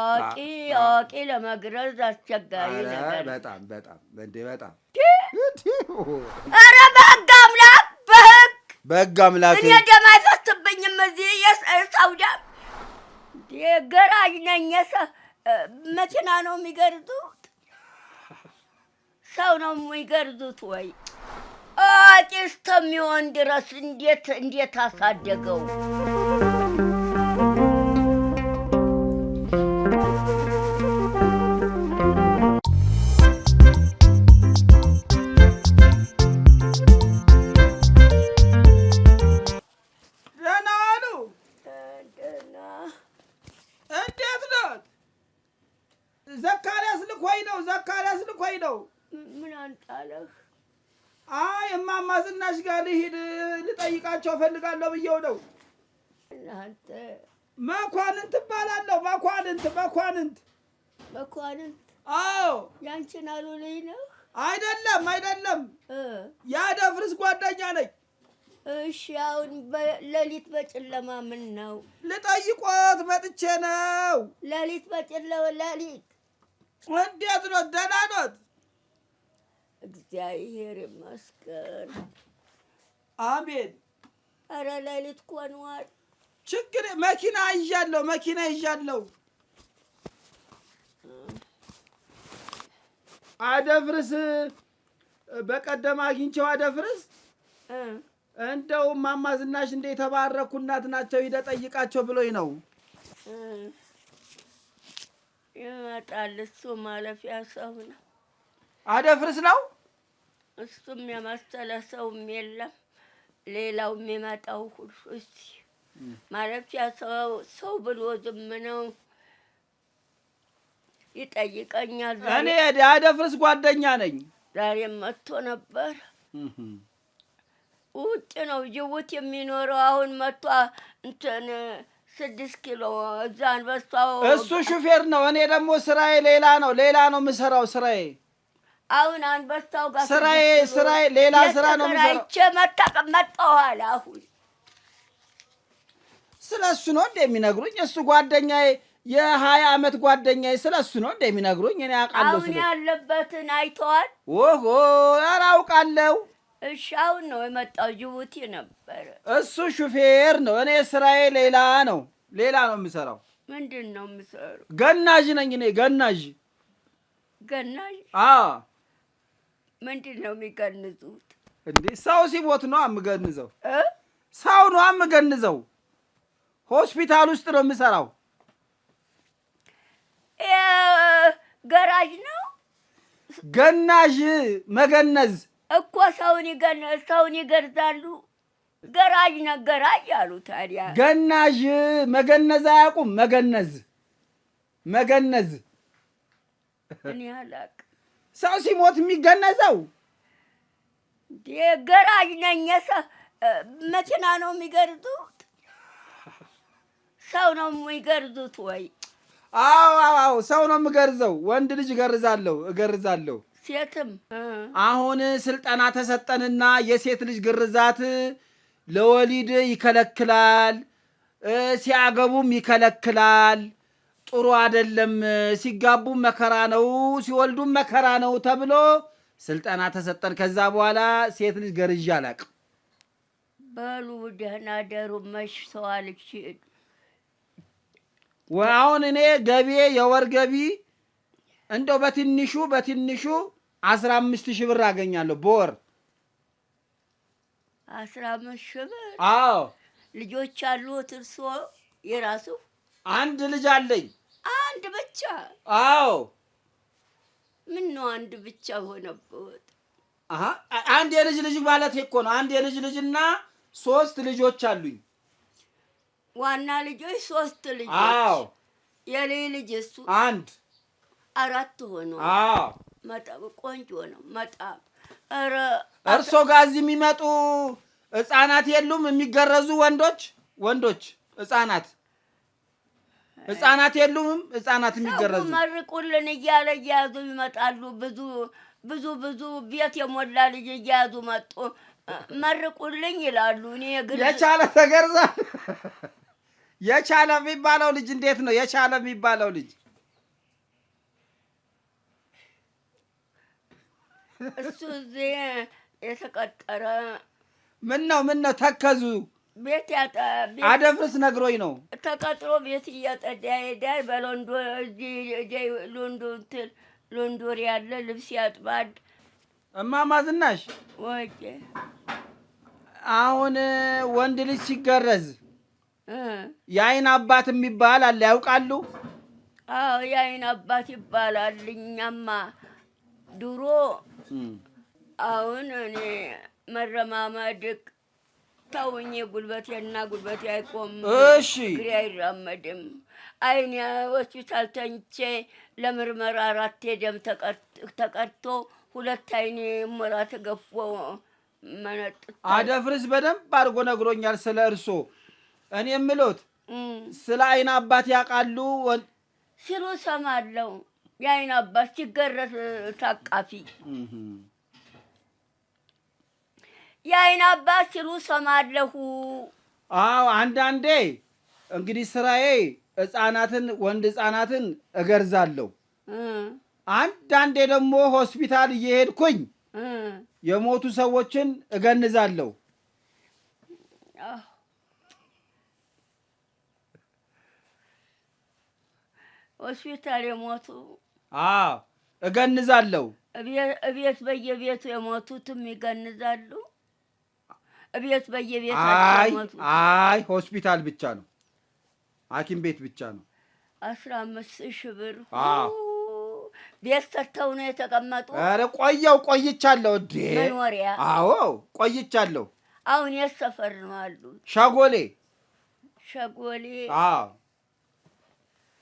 አዋቂ አዋቂ ለመግረዝ አስቸጋሪ ነገር በጣም በጣም እንዴ በጣም ኧረ በህግ አምላክ በህግ በህግ አምላክ እኔ ደም አይፈስብኝም። እዚህ የሰው ደም ገራጅ ነኝ። መኪና ነው የሚገርዙት? ሰው ነው የሚገርዙት ወይ? አዋቂ እስከሚሆን ድረስ እንዴት እንዴት አሳደገው? እማማ ዝናሽ ጋር ልሂድ ልጠይቃቸው እፈልጋለሁ ብየው ነው። መኳንንት እባላለሁ። መኳንንት መኳንንት መኳንንት። አዎ ያንቺን አሉልኝ ነው? አይደለም አይደለም፣ ያደፍርስ ጓደኛ ነኝ። እሺ አሁን ሌሊት በጨለማ ምን ነው? ልጠይቆት መጥቼ ነው። ሌሊት በጨለማ ሌሊት እንዴት ኖት? ደህና እግዚአብሔር ይመስገን። አሜን። ኧረ ሌሊት ኮንዋል። ችግር መኪና ይዣለሁ፣ መኪና ይዣለሁ። አደፍርስ በቀደም አግኝቼው አደፍርስ እንደው እማማ ዝናሽ እንደ የተባረኩ እናት ናቸው፣ ሂደህ ጠይቃቸው ብሎኝ ነው። ይመጣል እሱ ማለፊያ ሰው ነው። አደፍርስ ነው። እሱም የመሰለ ሰውም የለም። ሌላው የሚመጣው ሁሉ ማለት ያ ሰው ሰው ብሎ ዝም ነው ይጠይቀኛል። እኔ አደፍርስ ጓደኛ ነኝ። ዛሬም መጥቶ ነበር። ውጭ ነው ጅቡቲ የሚኖረው። አሁን መጥቶ እንትን ስድስት ኪሎ እዛ አንበሳው እሱ ሹፌር ነው። እኔ ደግሞ ስራዬ ሌላ ነው። ሌላ ነው የምሰራው ስራዬ አሁን አንበሳው ጋር ስራዬ ስራዬ ሌላ ስራ ነው የሚሰራው። መጣቀም መጣኋል። አሁን ስለ እሱ ነው እንደሚነግሩኝ። እሱ ጓደኛዬ የሀያ አመት ጓደኛዬ ስለ እሱ ነው እንደሚነግሩኝ። እኔ አውቃለሁ። አሁን ያለበትን አይተዋል። ኦሆ ኧረ አውቃለሁ። እሺ አሁን ነው የመጣው። ጅቡቲ ነበረ። እሱ ሹፌር ነው። እኔ ስራዬ ሌላ ነው። ሌላ ነው የምሰራው። ምንድን ነው የምሰራው? ገናዥ ነኝ እኔ ገናዥ ገናዥ። አዎ ምንድን ነው የሚገንዙት? እንዴ ሰው ሲሞት ነው የምገንዘው። ሰው ነው የምገንዘው። ሆስፒታል ውስጥ ነው የምሰራው። ገራዥ ነው ገናዥ። መገነዝ እኮ ሰውን ይገነዝ ሰውን ይገርዛሉ። ገራዥ ነው ገራዥ አሉ። ታዲያ ገናዥ መገነዝ አያውቁም። መገነዝ መገነዝ እኔ አላውቅም ሰው ሲሞት የሚገነዘው ገራጅ ነኝ። መኪና ነው የሚገርዙት፣ ሰው ነው የሚገርዙት ወይ? አዎ አዎ፣ ሰው ነው የምገርዘው። ወንድ ልጅ እገርዛለሁ እገርዛለሁ፣ ሴትም። አሁን ስልጠና ተሰጠንና የሴት ልጅ ግርዛት ለወሊድ ይከለክላል፣ ሲያገቡም ይከለክላል ጥሩ አይደለም፣ ሲጋቡ መከራ ነው፣ ሲወልዱ መከራ ነው ተብሎ ስልጠና ተሰጠን። ከዛ በኋላ ሴት ልጅ ገርዣ አላቅም። በሉ ደህና ደሩ። መሽ ሰዋልች አሁን እኔ ገቢ የወር ገቢ እንደው በትንሹ በትንሹ አስራ አምስት ሺህ ብር አገኛለሁ በወር አስራ አምስት ሺህ ብር። አዎ ልጆች አሉት እርስዎ የራሱ አንድ ልጅ አለኝ። አንድ ብቻ? አዎ። ምን ነው አንድ ብቻ ሆነበት? አንድ የልጅ ልጅ ማለት እኮ ነው። አንድ የልጅ ልጅና ሶስት ልጆች አሉኝ። ዋና ልጆች ሶስት ልጆች? አዎ። የኔ ልጅ እሱ አንድ አራት ሆኖ? አዎ። መጣም ቆንጆ ነው። መጣም እርሶ ጋር እዚህ የሚመጡ ህጻናት የሉም? የሚገረዙ ወንዶች ወንዶች ህጻናት ህጻናት የሉምም ህጻናት የሚገረዙ መርቁልን እያለ እያያዙ ይመጣሉ። ብዙ ብዙ ብዙ ቤት የሞላ ልጅ እያያዙ መጡ። መርቁልኝ ይላሉ። እኔ ግን የቻለ ተገርዛ የቻለ የሚባለው ልጅ እንዴት ነው? የቻለ የሚባለው ልጅ እሱ እዚህ የተቀጠረ ምን ነው? ምን ነው? ተከዙ ቤት አደፍርስ ነግሮኝ ነው። ተቀጥሮ ቤት እያጸዳ ሄዳል። በሎንዶ ሎንዶ እንትን ሎንዶሪ ያለ ልብስ ያጥባል። እማማ ዝናሽ አሁን ወንድ ልጅ ሲገረዝ የአይን አባት የሚባል አለ ያውቃሉ? አዎ የአይን አባት ይባላል። እኛማ ድሮ አሁን እኔ መረማመድ ታውኝ ጉልበቴና ጉልበቴ አይቆምም። እሺ፣ እግሬ አይራመድም። አይኔ ሆስፒታል ተኝቼ ለምርመራ አራቴ ደም ተቀድቶ ሁለት አይኔ ሞራ ተገፎ መነጥ አደፍርስ በደንብ አድርጎ ነግሮኛል ስለ እርሶ። እኔ የምሎት ስለ አይን አባት ያውቃሉ ሲሉ ሰማለው። የአይን አባት ሲገረስ ታቃፊ የአይን አባት ሲሉ ሰማለሁ። አዎ አንዳንዴ እንግዲህ ስራዬ ህጻናትን ወንድ ህጻናትን እገርዛለሁ። አንዳንዴ ደግሞ ሆስፒታል እየሄድኩኝ የሞቱ ሰዎችን እገንዛለሁ። ሆስፒታል የሞቱ እገንዛለሁ። እቤት በየቤቱ የሞቱትም ይገንዛሉ። እቤት በየቤት አይ ሆስፒታል ብቻ ነው፣ ሐኪም ቤት ብቻ ነው። አስራ አምስት ሺህ ብር ቤት ሰርተው ነው የተቀመጡ። ኧረ ቆየው ቆይቻለሁ። እዴ መኖሪያ አዎ ቆይቻለሁ። አሁን የት ሰፈር ነው አሉ? ሸጎሌ ሸጎሌ። አዎ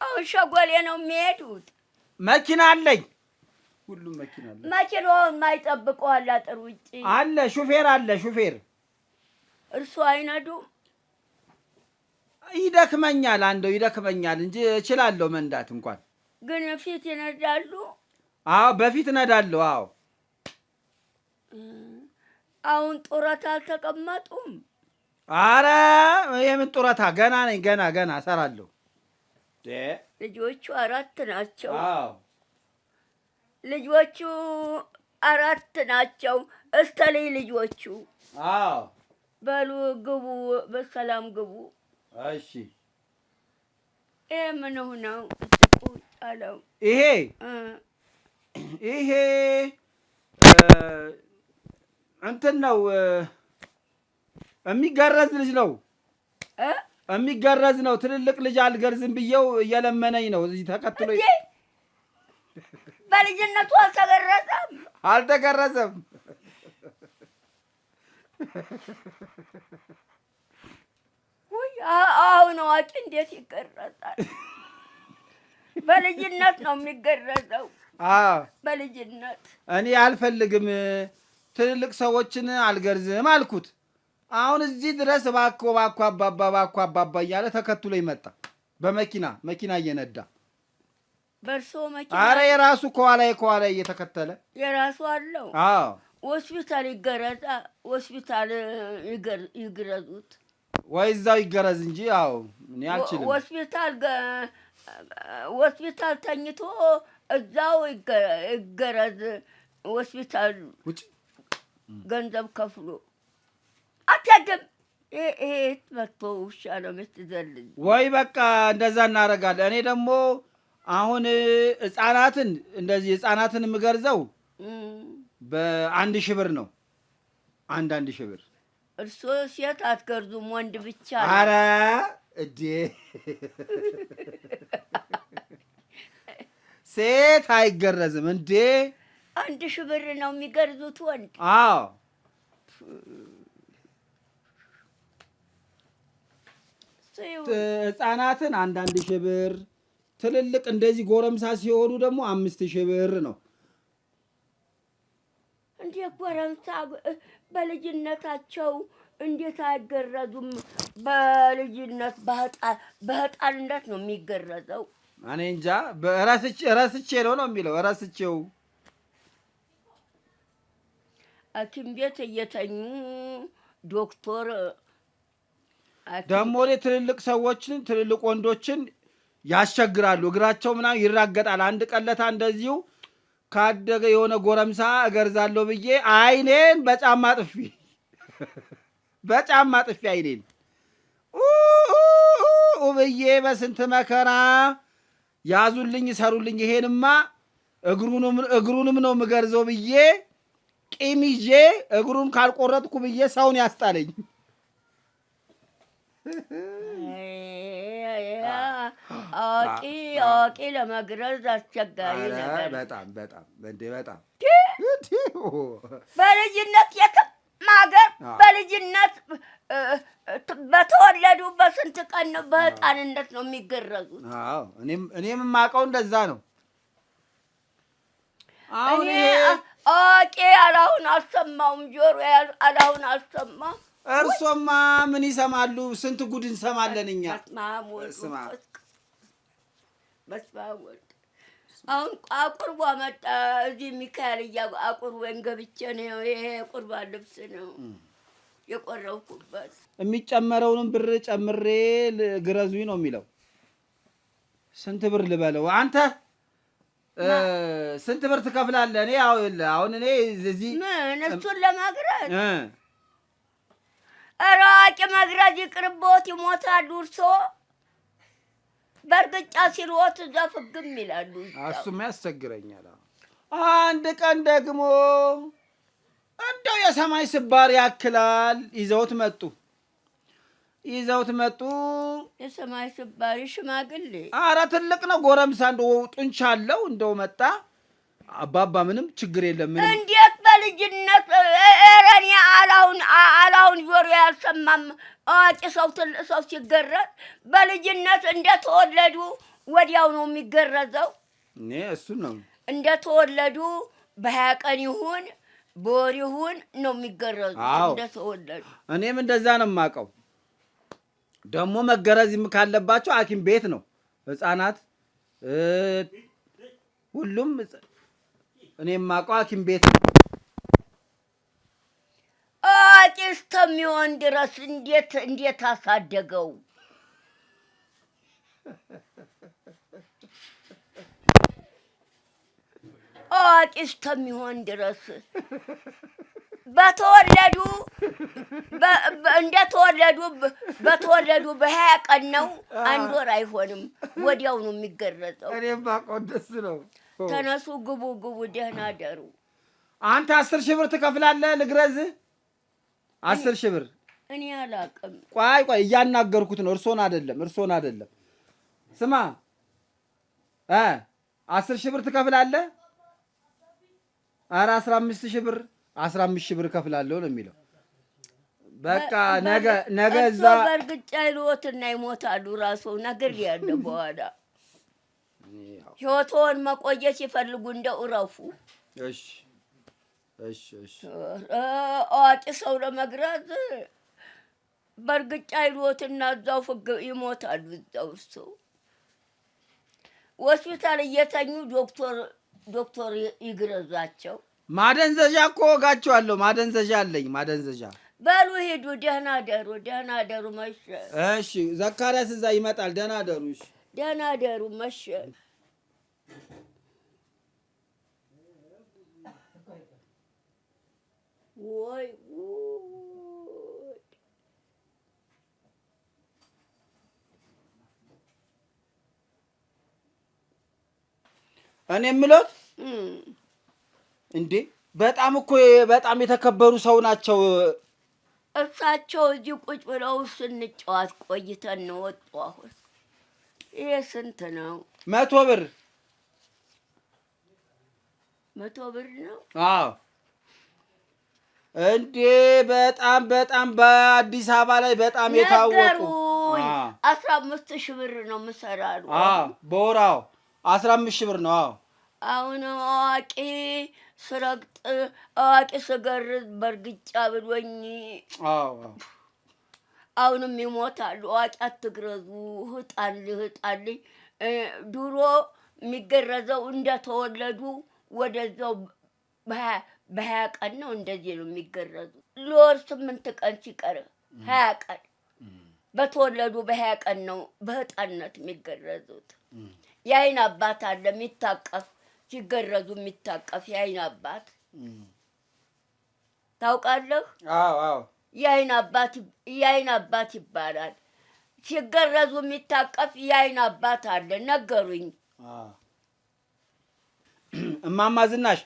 አሁን ሸጎሌ ነው የሚሄዱት። መኪና አለኝ። ሁሉም መኪና አለ። መኪናውን ማይጠብቀዋል አጥር ውጭ አለ። ሹፌር አለ ሹፌር እርሱ አይነዱ ይደክመኛል፣ አንደው ይደክመኛል እንጂ እችላለሁ መንዳት እንኳን። ግን ፊት ይነዳሉ? አዎ በፊት እነዳለሁ። አዎ አሁን ጡረታ አልተቀመጡም? አረ የምን ጡረታ? ገና ነኝ፣ ገና ገና እሰራለሁ። ልጆቹ አራት ናቸው። ልጆቹ አራት ናቸው። እስተለይ ልጆቹ አዎ በሉ ግቡ፣ በሰላም ግቡ። እሺ ይሄ ምን ሆነው አለው። ይሄ ይሄ እንትን ነው የሚገረዝ ልጅ ነው የሚገረዝ ነው። ትልልቅ ልጅ አልገርዝም ብዬው እየለመነኝ ነው። እዚህ ተከትሎ በልጅነቱ አልተገረዘም አልተገረዘም አሁን አዋቂ እንዴት ይገረዛል? በልጅነት ነው የሚገረዘው። በልጅነት እኔ አልፈልግም ትልልቅ ሰዎችን አልገርዝም አልኩት። አሁን እዚህ ድረስ እባክዎ እባክዎ አባባ እባክዎ አባባ እያለ ተከትሎ ይመጣ በመኪና መኪና እየነዳ በእርስዎ መኪና። ኧረ የራሱ ከኋላ ከኋላ እየተከተለ የራሱ አለው። አዎ ሆስፒታል ይገረዛ፣ ሆስፒታል ይግረዙት ወይ እዛው ይገረዝ እንጂ። አዎ እኔ አልችልም። ሆስፒታል ሆስፒታል ተኝቶ እዛው ይገረዝ። ሆስፒታል ገንዘብ ከፍሎ አትያድም። ይሄ መጥቶ ውሻ ነው ምትዘልኝ ወይ? በቃ እንደዛ እናደርጋለን። እኔ ደግሞ አሁን ህፃናትን እንደዚህ ህፃናትን የምገርዘው በአንድ ሺህ ብር ነው። አንድ አንድ ሺህ ብር እርሶ ሴት አትገርዙም፣ ወንድ ብቻ። አረ እዴ ሴት አይገረዝም እንዴ! አንድ ሺህ ብር ነው የሚገርዙት ወንድ። አዎ ህጻናትን አንዳንድ ሺህ ብር፣ ትልልቅ እንደዚህ ጎረምሳ ሲሆኑ ደግሞ አምስት ሺህ ብር ነው። እንዴ ጎረምሳ በልጅነታቸው እንዴት አይገረዙም? በልጅነት በህጣንነት ነው የሚገረዘው። እኔ እንጃ ራስቼ ነው ነው የሚለው ራስቼው ሐኪም ቤት እየተኙ ዶክተር ደግሞ ወደ ትልልቅ ሰዎችን ትልልቅ ወንዶችን ያስቸግራሉ። እግራቸው ምናምን ይራገጣል። አንድ ቀለታ እንደዚሁ ካደገ የሆነ ጎረምሳ እገርዛለሁ ብዬ አይኔን በጫማ ጥፊ በጫማ ጥፊ አይኔን ብዬ በስንት መከራ ያዙልኝ ይሰሩልኝ፣ ይሄንማ እግሩንም ነው ምገርዘው ብዬ ቂም ይዤ እግሩን ካልቆረጥኩ ብዬ ሰውን ያስጣለኝ አዋቂ አዋቂ ለመግረዝ አስቸጋሪ ነገር በጣም በጣም እንዴ በጣም በልጅነት የትም ሀገር በልጅነት በተወለዱ በስንት ቀን በህፃንነት ነው የሚገረዙት። እኔም የማውቀው እንደዛ ነው። አሁን አዋቂ አላሁን አሰማውም ጆሮ አላሁን አሰማ እርሶማ ምን ይሰማሉ? ስንት ጉድ እንሰማለን እኛ። አሁን አቁርቧ መጣ። እዚህ ሚካኤል እያ አቁር አቁርበን ገብቼ ነው። ይሄ ቁርባ ልብስ ነው የቆረብኩበት። የሚጨመረውንም ብር ጨምሬ ግረዙኝ ነው የሚለው። ስንት ብር ልበለው? አንተ ስንት ብር ትከፍላለህ? እኔ አሁን እኔ እዚህ እሱን ለማግረት ራቂ መግረዝ ይቅርቦት ይሞታሉ እርሶ በእርግጫ ሲሮት እዛ ፍግም ይላሉ። እሱም ያስቸግረኛል። አንድ ቀን ደግሞ እንደው የሰማይ ስባር ያክላል ይዘውት መጡ ይዘውት መጡ። የሰማይ ስባሪ ሽማግሌ፣ አረ ትልቅ ነው ጎረምሳ፣ እንደ ጡንቻ አለው። እንደው መጣ አባባ፣ ምንም ችግር የለም። እንዴት በልጅነት ረኔ አላሁን አላሁን ጆሮ ያልሰማም አዋቂ ሰው ትልቅ ሰው ሲገረዝ በልጅነት እንደተወለዱ ወዲያው ነው የሚገረዘው። እኔ እሱን ነው እንደተወለዱ በሀያ ቀን ይሁን በወር ይሁን ነው የሚገረዙ እንደተወለዱ። እኔም እንደዛ ነው የማውቀው። ደግሞ መገረዝ ካለባቸው ሐኪም ቤት ነው ህጻናት ሁሉም እኔ የማውቀው ሐኪም ቤት ነው። አዋቂ እስከሚሆን ድረስ እንዴት እንዴት አሳደገው? አዋቂ እስከሚሆን ድረስ በተወለዱ እንደተወለዱ በተወለዱ በሀያ ቀን ነው፣ አንድ ወር አይሆንም። ወዲያው ነው የሚገረጸው። እኔም ባውቀው ደስ ነው። ተነሱ፣ ግቡ፣ ግቡ፣ ደህና ደሩ። አንተ አስር ሺህ ብር ትከፍላለህ፣ ልግረዝህ አስር ሺህ ብር እኔ አላውቅም። ቆይ ቆይ እያናገርኩት ነው፣ እርሶን አይደለም፣ እርሶን አይደለም። ስማ እ አስር ሺህ ብር ትከፍላለህ። ኧረ አስራ አምስት ሺህ ብር አስራ አምስት ሺህ ብር እከፍላለሁ ነው የሚለው። በቃ ነገ ነገ እዛ በእርግጫ እና ይሞታሉ። ራሱ ነገር ያለ በኋላ ህይወትዎን መቆየት ይፈልጉ እንደው እረፉ። እሺ አዋቂ ሰው ለመግራት በእርግጫ ይሉትና እዛው ፍግ ይሞታሉ። እዛው እሱ ሆስፒታል እየተኙ ዶክተር ዶክተር ይግረዛቸው። ማደንዘዣ እኮ ወጋቸዋለሁ። ማደንዘዣ አለኝ። ማደንዘዣ በሉ ሄዱ ደህና ደሩ መሸ። እሺ፣ ዘካርያስ እዛ ይመጣል። ደህና ደሩ፣ ደህና ደሩ መሸ። ወይ ጉድ! እኔ የምለት እንዴ በጣም እኮ በጣም የተከበሩ ሰው ናቸው። እሳቸው እዚህ ቁጭ ብለው ስንጫወት ቆይተን ነው ወጡ። አሁን ይሄ ስንት ነው? መቶ ብር መቶ ብር ነው። አዎ እንዴ በጣም በጣም በአዲስ አበባ ላይ በጣም የታወቁ አስራ አምስት ሺህ ብር ነው የምሰራሉ። በወራው አስራ አምስት ሺህ ብር ነው። አዎ አሁን አዋቂ ስረግጥ አዋቂ ስገርዝ በእርግጫ ብሎኝ፣ አሁንም ይሞታሉ። አዋቂ አትግረዙ፣ ህጣን ህጣልኝ። ድሮ የሚገረዘው እንደተወለዱ ወደዛው በሀያ ቀን ነው እንደዚህ ነው የሚገረዙት። ለወር ስምንት ቀን ሲቀር ሀያ ቀን በተወለዱ በሀያ ቀን ነው በህጣነት የሚገረዙት። የአይን አባት አለ የሚታቀፍ ሲገረዙ የሚታቀፍ የአይን አባት ታውቃለህ? የአይን አባት ይባላል። ሲገረዙ የሚታቀፍ የአይን አባት አለ ነገሩኝ። እማማ ዝናሽ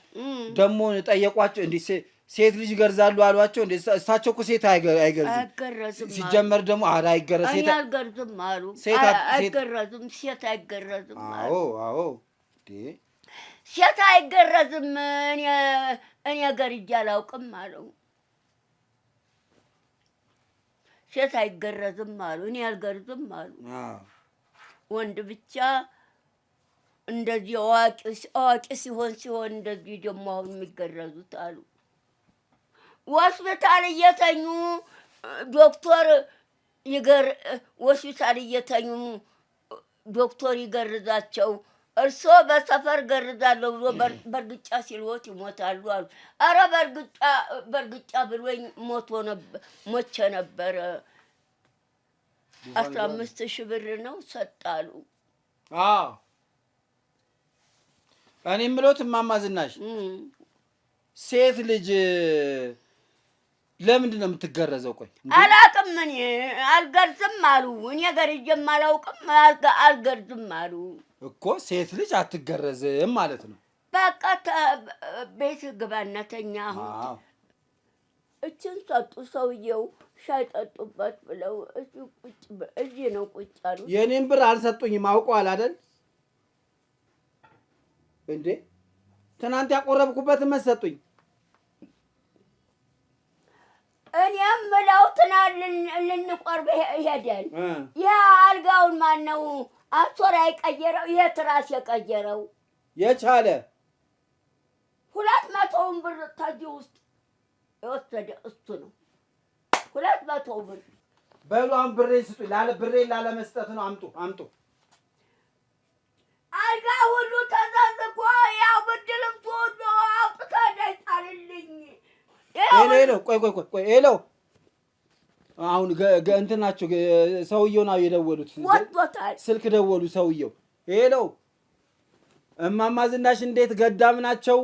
ደግሞ ጠየቋቸው። እንዲህ ሴት ልጅ ይገርዛሉ አሏቸው። እንደ እሳቸው እኮ ሴት አይገርዝም። ሲጀመር ደግሞ አ አይገረዝም፣ ሴት አይገርዝም አሉ። አይገረዝም፣ ሴት አይገረዝም። አዎ አዎ፣ ሴት አይገረዝም። እኔ እኔ ገርጄ አላውቅም አሉ። ሴት አይገረዝም አሉ። እኔ አልገርዝም አሉ። ወንድ ብቻ እንደዚህ አዋቂ ሲሆን ሲሆን እንደዚህ ደግሞ አሁን የሚገረዙት አሉ። ሆስፒታል እየተኙ ዶክተር ይገር ሆስፒታል እየተኙ ዶክተር ይገርዛቸው። እርሶ በሰፈር ገርዛለሁ ብሎ በእርግጫ ሲልወት ይሞታሉ አሉ። አረ በእርግጫ በእርግጫ ብሎኝ ሞቶ ሞቼ ነበረ። አስራ አምስት ሺህ ብር ነው ሰጣሉ። እኔ የምለው እማማ ዝናሽ ሴት ልጅ ለምንድን ነው የምትገረዘው? ቆይ አላውቅም። እኔ አልገርዝም አሉ። እኔ ገርዤም አላውቅም። አልገርዝም አሉ እኮ ሴት ልጅ አትገረዝም ማለት ነው። በቃ ቤት ግባነተኛ አሁን እችን ሰጡ። ሰውየው ሻይ ጠጡበት ብለው እዚህ ነው ቁጭ አሉ። የእኔን ብር አልሰጡኝም። አውቀዋል አይደል እንዴ ትናንት ያቆረብኩበት መሰጡኝ። እኔም ምለው ትናንት ልንቆርብ ሄደን ያ አልጋውን ማን ነው አሶራ የቀየረው? ይሄ ትራስ የቀየረው የቻለ ሁለት መቶውን ብር ከዚህ ውስጥ የወሰደ እሱ ነው። ሁለት መቶ ብር በሉ አሁን ብሬ ስጡኝ። ብሬ ላለመስጠት ነው። አምጡ አምጡ አልጋ ሁሉ ያው ብርድ ሁሉ አውጥተህ ሄሎ ቆይ ቆይ ቆይ ቆይ ሄሎ አሁን እንትን ናቸው። ሰውየው ነው የደወሉት። ስልክ ደወሉ። ሰውየው ሄሎ፣ እማማ ዝናሽ እንዴት ገዳም ናቸው?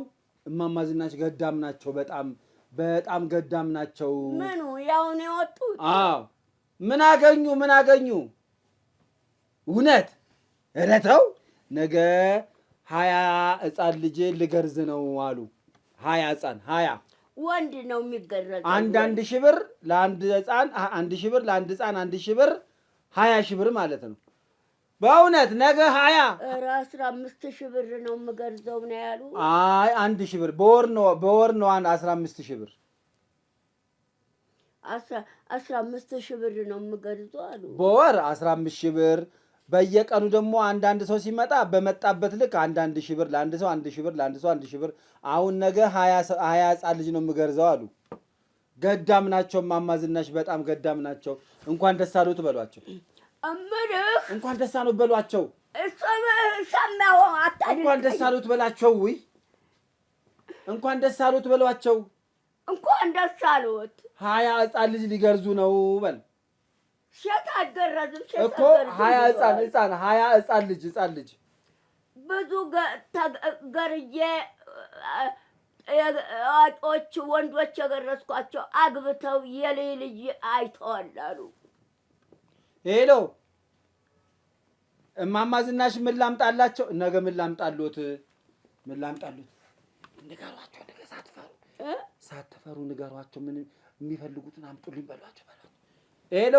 እማማ ዝናሽ ገዳም ናቸው። በጣም በጣም ገዳም ናቸው። ምኑ የወጡት? አዎ። ምን አገኙ? ምን አገኙ? እውነት ረተው ነገ ሀያ ሕፃን ልጄ ልገርዝ ነው አሉ። ሀያ ህፃን ሀያ ወንድ ነው የሚገረዝ። አንድ አንድ ሺህ ብር ለአንድ ህፃን አንድ ሺህ ብር ለአንድ ህፃን አንድ ሺህ ብር ሀያ ሺህ ብር ማለት ነው። በእውነት ነገ ሀያ አስራ አምስት ሺህ ብር ነው የምገርዘው ነው ያሉ። አይ አንድ ሺህ ብር በወር ነው በወር ነው አንድ አስራ አምስት ሺህ ብር አስራ አምስት ሺህ ብር ነው የምገርዘው አሉ። በወር አስራ አምስት ሺህ ብር በየቀኑ ደግሞ አንዳንድ ሰው ሲመጣ በመጣበት ልክ አንዳንድ ሺህ ብር ለአንድ ሰው አንድ ሺህ ብር ለአንድ ሰው አንድ ሺህ ብር። አሁን ነገ ሀያ ሕፃን ልጅ ነው የምገርዘው አሉ። ገዳም ናቸው ማማዝናሽ፣ በጣም ገዳም ናቸው። እንኳን ደስ አሉት በሏቸው። እንኳን ደስ አሉት በሏቸው። እንኳን ደስ አሉት በሏቸው። ውይ እንኳን ደስ አሉት በሏቸው። እንኳን ደስ አሉት። ሀያ ሕፃን ልጅ ሊገርዙ ነው በል ሴት አገረዝም እኮ ሀያ ህፃን ህፃን ሀያ ህፃን ልጅ ህፃን ልጅ ብዙ ገርዬ ወንዶች የገረዝኳቸው አግብተው የልይ ልጅ አይተዋል አሉ። ሄሎ እማማ ዝናሽ ምን ላምጣላቸው? ነገ ምን ምን ንገሯቸው፣ ነገ ሳትፈሩ ሳትፈሩ ንገሯቸው። ምን የሚፈልጉትን አምጡልኝ በሏቸው። ሄሎ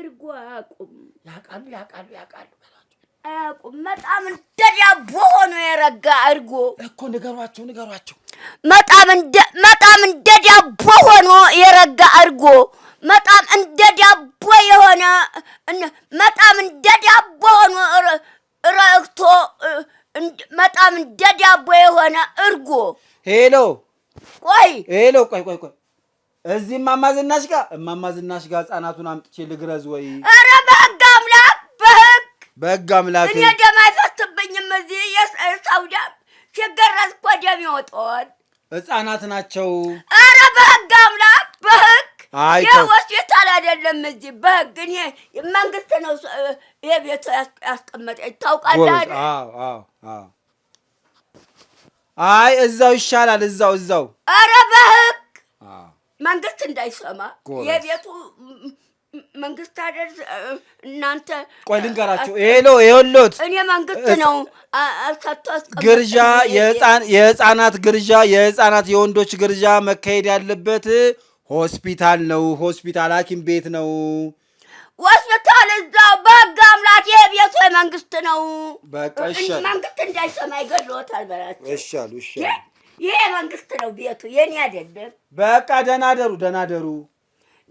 እርጎ አያውቁም። ያውቃሉ ያውቃሉ ያውቃሉ አያውቁም። በጣም እንደ ዳቦ ሆኖ የረጋ እርጎ እኮ ንገሯቸው፣ ንገሯቸው። በጣም እንደ ዳቦ ሆኖ የረጋ እርጎ በጣም እንደ ዳቦ የሆነ በጣም እንደ ዳቦ ሆኖ ረግቶ በጣም እንደ ዳቦ የሆነ እርጎ ሄሎ፣ ቆይ ሄሎ፣ ቆይ ቆይ ቆይ እዚህ እማማ ዝናሽ ጋር እማማ ዝናሽ ጋር ህጻናቱን አምጥቼ ልግረዝ ወይ? ኧረ በህግ አምላክ በህግ በህግ አምላክ እኔ ደም አይፈስብኝም። እዚህ የሰው ደም ሲገረዝ እኮ ደም ይወጣል። ህጻናት ናቸው። ኧረ በህግ አምላክ በህግ አይ አይደለም። እዚህ በህግ እኔ መንግስት ነው ይሄ ያስቀመጠኝ ታውቃለህ። አይ እዛው ይሻላል። እዛው እዛው ኧረ በህግ መንግስት እንዳይሰማ የቤቱ መንግስት አደር እናንተ ቆይ ልንገራቸው። ሄሎ ይኸውልዎት፣ እኔ መንግስት ነው ግርዣ የህፃናት ግርዣ የህፃናት የወንዶች ግርዣ መካሄድ ያለበት ሆስፒታል ነው። ሆስፒታል ሐኪም ቤት ነው። ሆስፒታል እዛው በጋ አምላክ የቤቱ የመንግስት ነው። በቃ መንግስት እንዳይሰማ ይገድሎታል በላቸው። እሻሉ እሻሉ ይሄ መንግስት ነው ቤቱ፣ የኔ አይደለም። በቃ ደህና ደሩ፣ ደህና ደሩ፣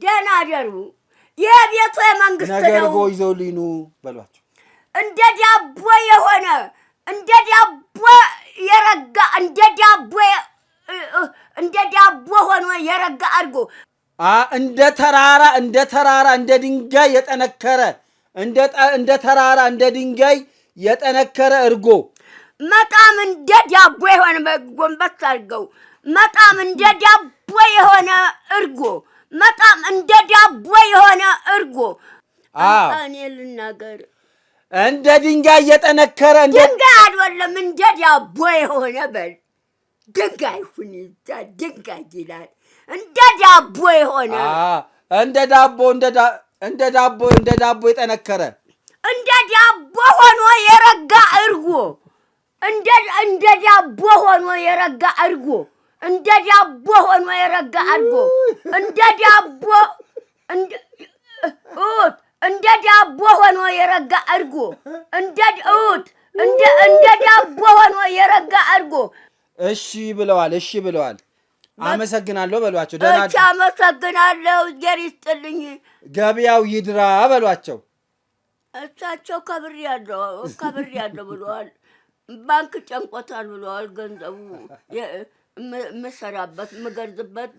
ደህና ደሩ። ይሄ ቤቱ የመንግስት ነው። ነገርቦ ይዘውልኝ ኑ በሏቸው። እንደ ዳቦ የሆነ እንደ ዳቦ የረጋ እንደ ዳቦ እንደ ዳቦ ሆኖ የረጋ አድርጎ እንደ ተራራ እንደ ተራራ እንደ ድንጋይ የጠነከረ እንደ ተራራ እንደ ድንጋይ የጠነከረ እርጎ መጣም እንደ ዳቦ የሆነ ጎንበስ አድርገው መጣም እንደ ዳቦ የሆነ እርጎ መጣም እንደ ዳቦ የሆነ እርጎ እኔ ልናገር እንደ ድንጋይ እየጠነከረ ድንጋይ አይደለም እንደ ዳቦ የሆነ በል ድንጋይ ሁን ሁኔታ ድንጋይ ይላል እንደ ዳቦ የሆነ እንደ ዳቦ እንደ ዳቦ እንደ ዳቦ የጠነከረ እንደ ዳቦ ሆኖ የረጋ እርጎ እንደ ዳቦ ሆኖ የረጋ አድጎ እንደ ዳቦ ሆኖ የረጋ አድጎ እንደ ዳቦ እንደ ዳቦ ሆኖ የረጋ አድጎ እንደ እንደ እንደ ዳቦ ሆኖ የረጋ አድጎ። እሺ ብለዋል፣ እሺ ብለዋል። አመሰግናለሁ በሏቸው። ደህና እሺ፣ አመሰግናለሁ። እግዜር ይስጥልኝ። ገበያው ይድራ በሏቸው። እሳቸው ከብሬ ያለው ከብሬ ያለው ብለዋል። ባንክ ጨንቆታል ብለዋል። ገንዘቡ የምሰራበት የምገርዝበት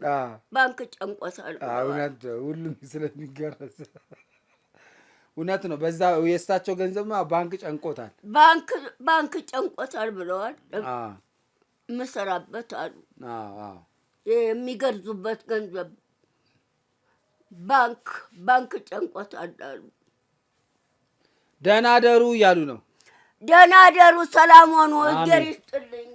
ባንክ ጨንቆታል። እውነት ሁሉም ስለሚገረዝ እውነት ነው። በዛ የእሳቸው ገንዘብ ባንክ ጨንቆታል፣ ባንክ ጨንቆታል ብለዋል። የምሰራበት አሉ የሚገርዙበት ገንዘብ ባንክ ባንክ ጨንቆታል አሉ። ደህና ደሩ እያሉ ነው ደህና ደሩ፣ ሰላም ሆኖ እግዜር ይስጥልኝ።